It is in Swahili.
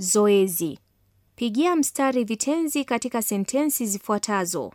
Zoezi: pigia mstari vitenzi katika sentensi zifuatazo.